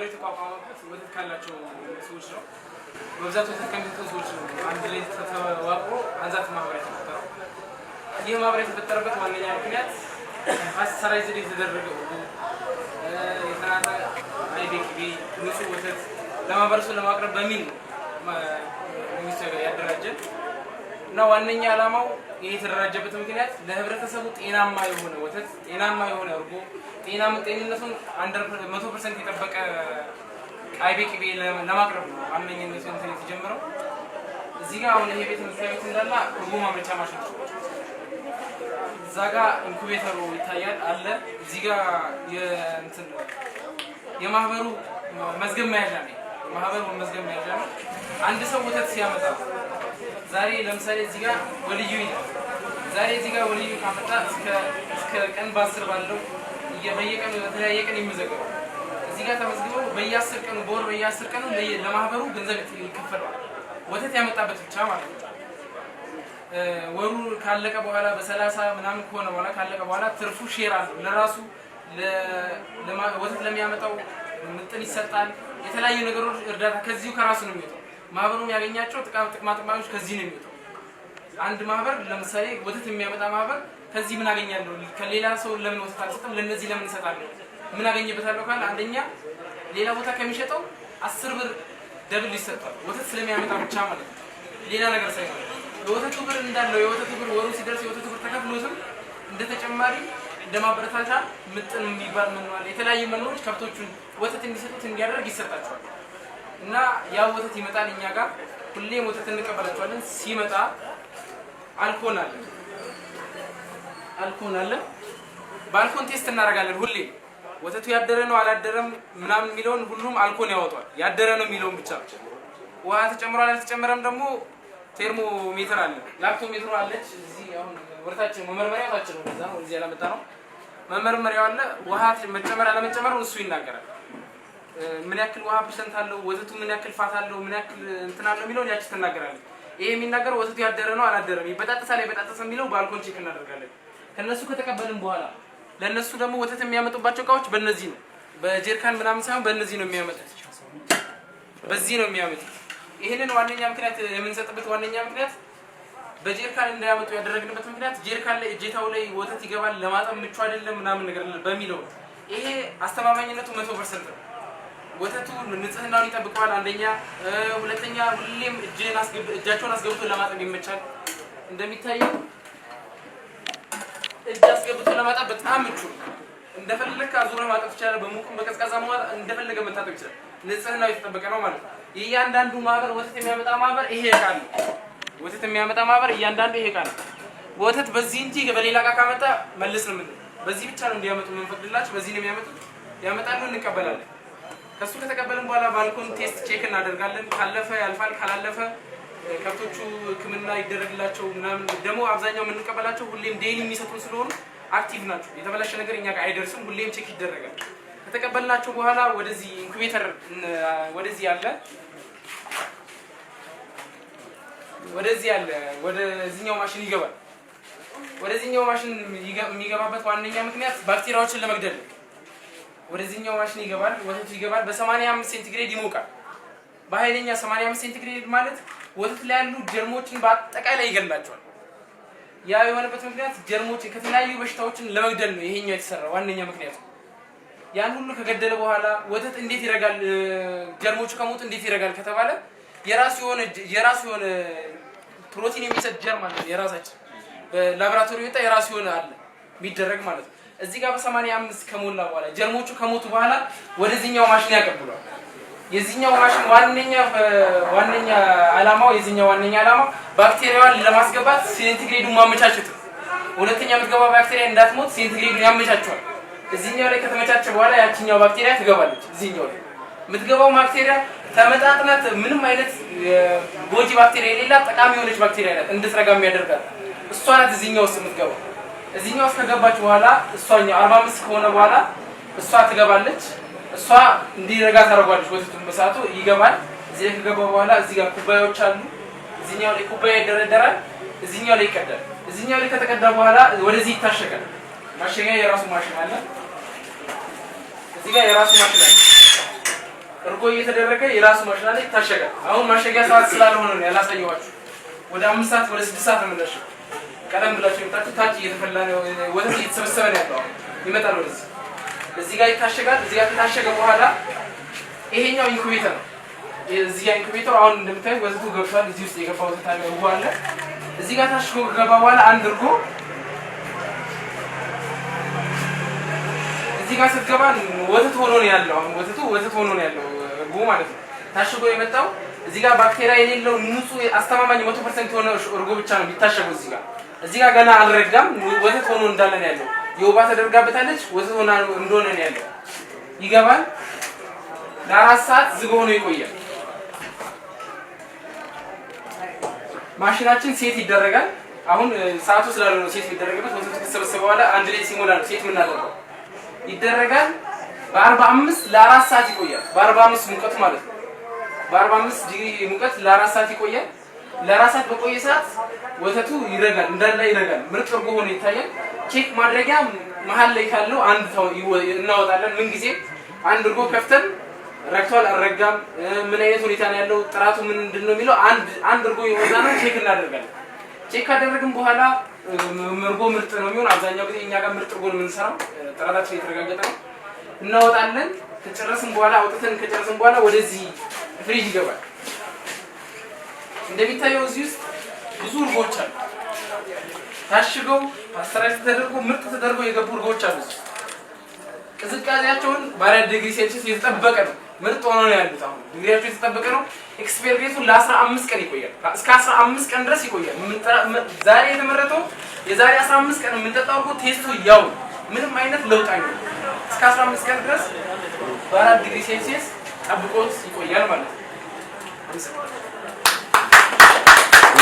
ማህበር የተቋቋመበት ወተት ካላቸው ሰዎች ነው። በብዛት ወተት ከሚሰጡ ሰዎች አንድ ላይ ተዋቅሮ አንዛት ማህበር የተፈጠረው። ይህ ማህበር የተፈጠረበት ዋነኛ ምክንያት አሰራጭ ዘዴ የተደረገ ሁሉ የተናጠ ንጹህ ወተት ለማህበረሰቡ ለማቅረብ በሚል ነው መንግስት ያደራጀን። እና ዋነኛ ዓላማው ይህ የተደራጀበት ምክንያት ለህብረተሰቡ ጤናማ የሆነ ወተት፣ ጤናማ የሆነ እርጎ፣ ጤናማ ጤንነቱን መቶ ፐርሰንት የጠበቀ አይቤ ቅቤ ለማቅረብ ነው። ዋነኝነቱ እንትን የተጀመረው እዚህ ጋር አሁን ይሄ ቤት መስሪያ ቤት እንዳለ እርጎ ማምረቻ ማሽን እዛ ጋር ኢንኩቤተሩ ይታያል አለ። እዚህ ጋር የማህበሩ መዝገብ መያዣ ነው። ማህበሩ መዝገብ መያዣ ነው። አንድ ሰው ወተት ሲያመጣ ዛሬ ለምሳሌ እዚህ ጋር ወልዩ ዛሬ እዚህ ጋር ወልዩ ካመጣ እስከ ቀን በአስር ባለው በየቀኑ በተለያየ ቀን የሚዘገቡ እዚህ ጋር ተመዝግበው በየአስር ቀኑ በወር በየአስር ቀኑ ለማህበሩ ገንዘብ ይከፈለዋል። ወተት ያመጣበት ብቻ ማለት ነው። ወሩ ካለቀ በኋላ በሰላሳ ምናምን ከሆነ በኋላ ካለቀ በኋላ ትርፉ ሼር አለ ለራሱ ወተት ለሚያመጣው ምጥን ይሰጣል። የተለያዩ ነገሮች እርዳታ ከዚሁ ከራሱ ነው የሚወጣው። ማህበሩ ያገኛቸው ጥቅማ ጥቅማዎች ከዚህ ነው የሚወጣው። አንድ ማህበር ለምሳሌ ወተት የሚያመጣ ማህበር ከዚህ ምን አገኛለሁ? ከሌላ ሰው ለምን ወተት አልሰጥም? ለነዚህ ለምን እሰጣለሁ? ምን አገኝበታለሁ ካለ አንደኛ ሌላ ቦታ ከሚሸጠው አስር ብር ደብል ይሰጣል። ወተት ስለሚያመጣ ብቻ ማለት ነው። ሌላ ነገር ሳይሆን የወተቱ ብር እንዳለው የወተቱ ብር ወሩ ሲደርስ የወተቱ ብር ተከፍሎትም እንደ ተጨማሪ እንደ ማበረታቻ ምጥን የሚባል መኖ አለ። የተለያዩ መኖዎች ከብቶቹን ወተት እንዲሰጡት እንዲያደርግ ይሰጣቸዋል። እና ያ ወተት ይመጣል እኛ ጋር ሁሌም ወተት እንቀበላቸዋለን። ሲመጣ አልኮን አለ አልኮን አለ በአልኮን ቴስት እናደርጋለን። ሁሌ ወተቱ ያደረ ነው አላደረም ምናምን የሚለውን ሁሉም አልኮን ያወጧል። ያደረ ነው የሚለውን ብቻ ውሃ ተጨምሯል አልተጨመረም ደግሞ ቴርሞ ሜትር አለ ላክቶ ሜትሩ አለች። እዚህ አሁን ወርታችን መመርመሪያ ታችን ነው ነው እዚህ ያላመጣ ነው መመርመሪያው አለ ውሃ መጨመር አለመጨመር እሱ ይናገራል። ምን ያክል ውሃ ፐርሰንት አለው፣ ወተቱ ምን ያክል ፋት አለው፣ ምን ያክል እንትን አለው የሚለውን ያቺ ትናገራለች። ይሄ የሚናገረው ወተቱ ያደረ ነው አላደረም፣ ይበጣጠሳል አይበጣጠስም የሚለው በአልኮል ቼክ እናደርጋለን። ከነሱ ከተቀበልን በኋላ ለነሱ ደግሞ ወተት የሚያመጡባቸው እቃዎች በእነዚህ ነው፣ በጀሪካን ምናምን ሳይሆን በእነዚህ ነው የሚያመጡት፣ በዚህ ነው የሚያመጡት። ይህንን ዋነኛ ምክንያት የምንሰጥበት ዋነኛ ምክንያት በጀሪካን እንዳያመጡ ያደረግንበት ምክንያት ጀሪካን ላይ እጀታው ላይ ወተት ይገባል፣ ለማጠብ ምቹ አይደለም ምናምን ነገር በሚለው ይሄ አስተማማኝነቱ መቶ ፐርሰንት ነው። ወተቱ ንጽህናውን ይጠብቀዋል። አንደኛ ሁለተኛ፣ ሁሌም እጃቸውን አስገብቶ ለማጠብ ይመቻል። እንደሚታየው እጅ አስገብቶ ለማጠብ በጣም ምቹ፣ እንደፈለግህ አዙረ ማጠብ ይቻላል። በሙቁም በቀዝቃዛ መዋል እንደፈለገ መታጠብ ይችላል። ንጽህናው የተጠበቀ ነው ማለት ነው። እያንዳንዱ ማህበር ወተት የሚያመጣ ማህበር ይሄ እቃ ነው። ወተት የሚያመጣ ማህበር እያንዳንዱ ይሄ እቃ ነው። ወተት በዚህ እንጂ በሌላ እቃ ካመጣ መልስ ነው። በዚህ ብቻ ነው እንዲያመጡ የምንፈቅድላቸው። በዚህ ነው የሚያመጡት። ያመጣሉ፣ እንቀበላለን። ከእሱ ከተቀበልን በኋላ ባልኮን ቴስት ቼክ እናደርጋለን። ካለፈ ያልፋል፣ ካላለፈ ከብቶቹ ሕክምና ይደረግላቸው ምናምን። ደግሞ አብዛኛው የምንቀበላቸው ሁሌም ዴይሊ የሚሰጡን ስለሆኑ አክቲቭ ናቸው። የተበላሸ ነገር እኛ ጋር አይደርስም፣ ሁሌም ቼክ ይደረጋል። ከተቀበልናቸው በኋላ ወደዚህ ኢንኩቤተር ወደዚህ ያለ ወደዚህ ያለ ወደዚህኛው ማሽን ይገባል። ወደዚህኛው ማሽን የሚገባበት ዋነኛ ምክንያት ባክቴሪያዎችን ለመግደል ነው። ወደዚህኛው ማሽን ይገባል፣ ወተቱ ይገባል። በ85 ሴንቲግሬድ ይሞቃል። በኃይለኛ 85 ሴንቲግሬድ ማለት ወተት ላይ ያሉ ጀርሞችን በአጠቃላይ ይገላቸዋል። ያ የሆነበት ምክንያት ጀርሞችን ከተለያዩ በሽታዎችን ለመግደል ነው። ይሄኛው የተሰራ ዋነኛ ምክንያቱ ያን ሁሉ ከገደለ በኋላ ወተት እንዴት ይረጋል? ጀርሞቹ ከሞት እንዴት ይረጋል ከተባለ የራሱ የሆነ የራሱ የሆነ ፕሮቲን የሚሰጥ ጀርም አለ። የራሳችን በላብራቶሪ ወጣ የራሱ የሆነ አለ የሚደረግ ማለት ነው። እዚህ ጋር በሰማንያ አምስት ከሞላ በኋላ ጀርሞቹ ከሞቱ በኋላ ወደዚህኛው ማሽን ያቀብሏል። የዚህኛው ማሽን ዋነኛ ዋነኛ አላማው የዚህኛው ዋነኛ ዓላማ ባክቴሪያዋን ለማስገባት ሴንቲግሬዱን ማመቻቸት ነው። ሁለተኛ የምትገባ ባክቴሪያ እንዳትሞት ሴንቲግሬዱን ያመቻቸዋል። እዚህኛው ላይ ከተመቻቸ በኋላ ያችኛው ባክቴሪያ ትገባለች። እዚህኛው ላይ የምትገባው ባክቴሪያ ተመጣጥናት ምንም አይነት ጎጂ ባክቴሪያ የሌላት ጠቃሚ የሆነች ባክቴሪያ ናት፣ እንድትረጋ የሚያደርጋል እሷ ናት እዚህኛው ውስጥ የምትገባው እዚህኛው እስከገባች በኋላ እሷኛው አርባ አምስት ከሆነ በኋላ እሷ ትገባለች። እሷ እንዲረጋ ታደርጓለች። ወተቱን በሰዓቱ ይገባል። እዚህ ላይ ከገባ በኋላ እዚህ ጋር ኩባያዎች አሉ። እዚኛው ላይ ኩባያ ይደረደራል። እዚኛው ላይ ይቀዳል። እዚኛው ላይ ከተቀዳ በኋላ ወደዚህ ይታሸጋል። ማሸጊያ የራሱ ማሽን አለ። እዚህ ጋር የራሱ ማሽን አለ። እርጎ እየተደረገ የራሱ ማሽን አለ፣ ይታሸጋል። አሁን ማሸጊያ ሰዓት ስላልሆነ ነው ያላሳየኋችሁ። ወደ አምስት ሰዓት ወደ ስድስት ሰዓት ነው ቀደም ብላችሁ የምታችሁ ታች እየተፈላ ነው፣ ወተት እየተሰበሰበ ነው ያለው። ይመጣል ወደዚ እዚህ ጋር ይታሸጋል። እዚህ ጋር ከታሸገ በኋላ ይሄኛው ኢንኩቤተር ነው። እዚህ ጋር ኢንኩቤተር አሁን እንደምታዩት ወተቱ ገብቷል። እዚህ ውስጥ የገባ ወተት አለ፣ ውሃ አለ። እዚህ ጋር ታሽጎ ከገባ በኋላ አንድ እርጎ እዚህ ጋር ስትገባ ወተት ሆኖ ነው ያለው። አሁን ወተቱ ወተት ሆኖ ነው ያለው፣ እርጎ ማለት ነው። ታሽጎ የመጣው እዚህ ጋር ባክቴሪያ የሌለው ንጹህ አስተማማኝ መቶ ፐርሰንት የሆነ እርጎ ብቻ ነው የሚታሸገው እዚህ ጋር እዚህ ጋር ገና አልረጋም። ወተት ሆኖ እንዳለ ነው ያለው። የውባ ተደርጋበታለች ወተት ሆና እንደሆነ ነው ያለው። ይገባል። ለአራት ሰዓት ዝግ ሆኖ ይቆያል። ማሽናችን ሴት ይደረጋል። አሁን ሰዓቱ ነው ሴት የሚደረግበት ወተቱ ከተሰበሰበ በኋላ አንድ ላይ ሲሞላ ነው ሴት የምናደርገው። ይደረጋል። በአርባ አምስት ለአራት ሰዓት ይቆያል። በአርባ አምስት ሙቀት ማለት ነው። በአርባ አምስት ዲግሪ ሙቀት ለአራት ሰዓት ይቆያል። ለራሳት በቆየ ሰዓት ወተቱ ይረጋል፣ እንዳለ ይረጋል። ምርጥ እርጎ ሆኖ ይታያል። ቼክ ማድረጊያ መሀል ላይ ካለው አንድ እናወጣለን። ምን ጊዜ አንድ እርጎ ከፍተን ረግቷል አልረጋም፣ ምን አይነት ሁኔታ ነው ያለው፣ ጥራቱ ምንድን ነው የሚለው አንድ አንድ እርጎ የወጣ ነው ቼክ እናደርጋለን። ቼክ ካደረግን በኋላ እርጎ ምርጥ ነው የሚሆን። አብዛኛው ጊዜ እኛ ጋር ምርጥ እርጎ ነው የምንሰራው፣ ጥራታችን የተረጋገጠ ነው። እናወጣለን። ከጨረስን በኋላ አውጥተን ከጨረስን በኋላ ወደዚህ ፍሪጅ ይገባል። እንደሚታየው እዚህ ውስጥ ብዙ እርጎች አሉ። ታሽገው ፓስተራይዝ ተደርጎ ምርጥ ተደርጎ የገቡ እርጎች አሉ። ቅዝቃዜያቸውን በአራት ዲግሪ ሴልሲየስ የተጠበቀ ነው። ምርጥ ሆኖ ነው ያሉት። አሁን ዲግሪያቸው የተጠበቀ ነው። ኤክስፔሪሜንቱ ለአስራ አምስት ቀን ይቆያል። እስከ አስራ አምስት ቀን ድረስ ይቆያል። ዛሬ የተመረተው የዛሬ አስራ አምስት ቀን የምንጠጣው እርጎ ቴስቱ ያው ምንም አይነት ለውጥ አይኖ እስከ አስራ አምስት ቀን ድረስ በአራት ዲግሪ ሴልሲየስ ጠብቆት ይቆያል ማለት ነው።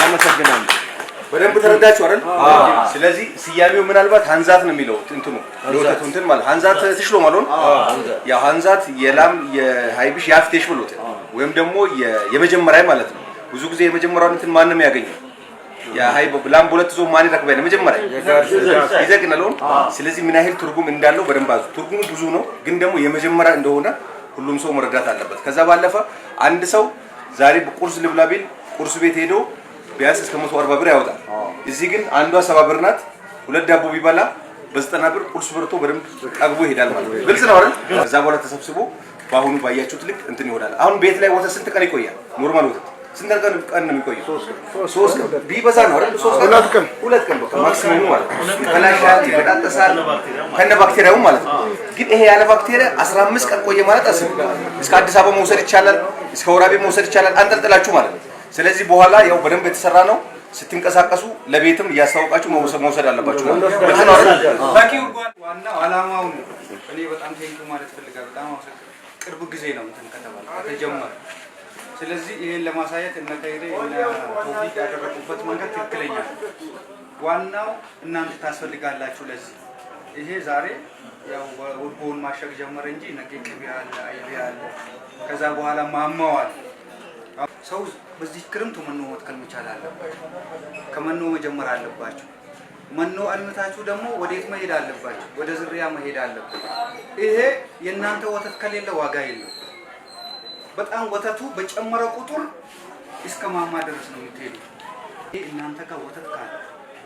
አመሰግናለሁ። በደንብ ተረዳችሁ አይደል? ስለዚህ ስያሜው ምናልባት ሀንዛት ነው የሚለው እንትኑ ለወተቱ እንትን ማለት ሀንዛት ትሽሎ ማለት ያው ሀንዛት የላም የሀይብሽ ያፍቴሽ ብሎት ወይም ደግሞ የመጀመሪያ ማለት ነው። ብዙ ጊዜ የመጀመሪያውን እንትን ማንም ያገኘው የሀይብ ላም በሁለት ዞ ማን ይረክባል መጀመሪያ ይዘግናል። ስለዚህ ምን ያህል ትርጉም እንዳለው በደንብ አዙ። ትርጉሙ ብዙ ነው፣ ግን ደግሞ የመጀመሪያ እንደሆነ ሁሉም ሰው መረዳት አለበት። ከዛ ባለፈ አንድ ሰው ዛሬ ቁርስ ልብላ ቢል ቁርስ ቤት ሄዶ ቢያንስ እስከ 140 ብር ያወጣል። እዚህ ግን አንዷ ሰባ ብር ናት። ሁለት ዳቦ ቢበላ በዘጠና ብር ቁርስ በርቶ በደንብ ጠግቦ ይሄዳል ማለት ነው። ግልጽ ነው አይደል? ከዛ በኋላ ተሰብስቦ በአሁኑ ባያችሁት ልክ እንትን ይሆናል። አሁን ቤት ላይ ወተት ስንት ቀን ይቆያል? ኖርማል ወተት ስንት ቀን ቀን ነው የሚቆየው? ሶስት ቀን ቢበዛ ነው አይደል? ሶስት ቀን ሁለት ቀን ሁለት ቀን በቃ ማክሲመሙ ማለት ነው። ይበላሻል፣ ይበጣጠሳል ከነ ባክቴሪያው ማለት ነው። ግን ይሄ ያለ ባክቴሪያ 15 ቀን ቆየ ማለት አስብ። እስከ አዲስ አበባ መውሰድ ይቻላል፣ እስከ ወራቤ መውሰድ ይቻላል፣ አንጠልጥላችሁ ማለት ነው። ስለዚህ በኋላ ያው በደንብ የተሰራ ነው። ስትንቀሳቀሱ ለቤትም እያስታወቃችሁ መውሰድ መውሰድ አለባችሁ። ነው። ዋና ነው። እኔ በጣም ቴንኩ ማለት ፈልጋለሁ። በጣም ቅርብ ጊዜ ነው እንትን ከተባለ ከተጀመረ ስለዚህ ይሄን ለማሳየት እነ ከይሬ እነ ያደረጉበት መንገድ ትክክለኛ ዋናው እናንተ ታስፈልጋላችሁ። ለዚህ ይሄ ዛሬ ያው ወርቦን ማሸግ ጀመረ እንጂ ነገ ቅቤ አለ አይቤ አለ ከዛ በኋላ ማማዋል ሰው በዚህ ክረምቱ መኖ መትከል መቻል አለባቸው። ከመኖ መጀመር አለባቸው። መኖ አልምታችሁ ደግሞ ወዴት መሄድ አለባቸው? ወደ ዝርያ መሄድ አለባቸው። ይሄ የእናንተ ወተት ከሌለ ዋጋ የለው። በጣም ወተቱ በጨመረ ቁጥር እስከ ማማ ድረስ ነው የምትሄዱ። ይህ እናንተ ጋር ወተት ካለ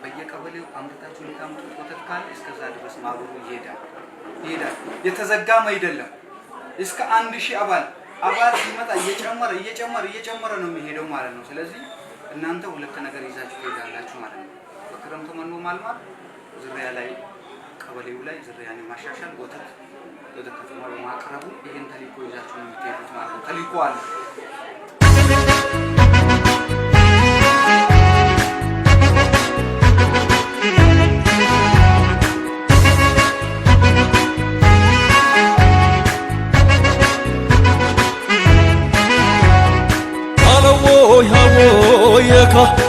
በየቀበሌው አምርታችሁ የምታመጡት ወተት ካለ እስከዛ ድረስ ማብሮ ይሄዳል ይሄዳል። የተዘጋም አይደለም። እስከ አንድ ሺህ አባል አባል ሲመጣ እየጨመረ እየጨመረ እየጨመረ ነው የሚሄደው ማለት ነው። ስለዚህ እናንተ ሁለት ነገር ይዛችሁ ትሄዳላችሁ ማለት ነው። በክረምቱ መኖ ማልማት፣ ዝርያ ላይ ቀበሌው ላይ ዝርያን ማሻሻል፣ ወተት ወደ ከተማ በማቅረቡ ይህን ተሊኮ ይዛችሁ ነው የምትሄዱት ማለት ነው። ተሊኮ አለ 可。